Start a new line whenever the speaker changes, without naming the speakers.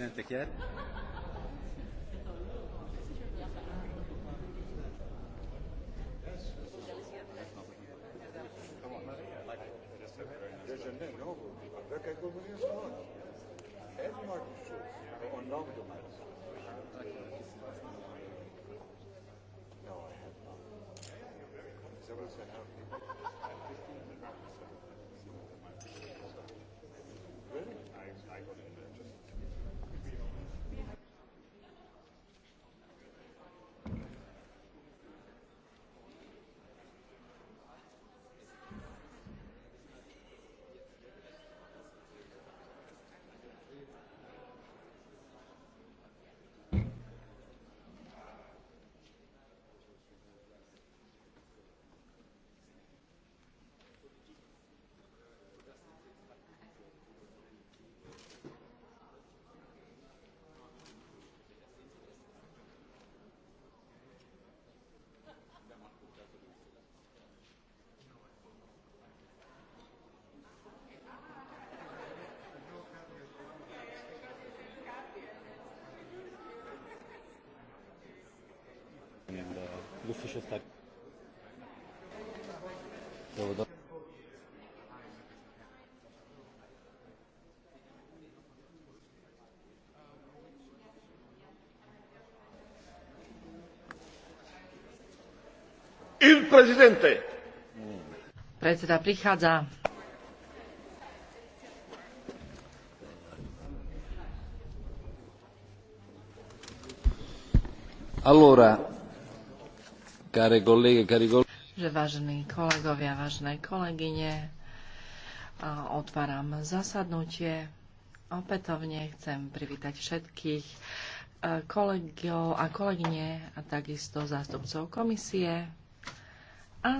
Nem tekjer. There's no? Daar kijk ik meneer Schoon. En Martin Schulz. Gewoon naam door mij. No, I have not. fishes tak. Dovodo. Il presidente. Predseda prichádza. Allora, že vážení kolegovia, vážené kolegyne, otváram zasadnutie. Opätovne chcem privítať všetkých kolegov a kolegyne a takisto zástupcov komisie,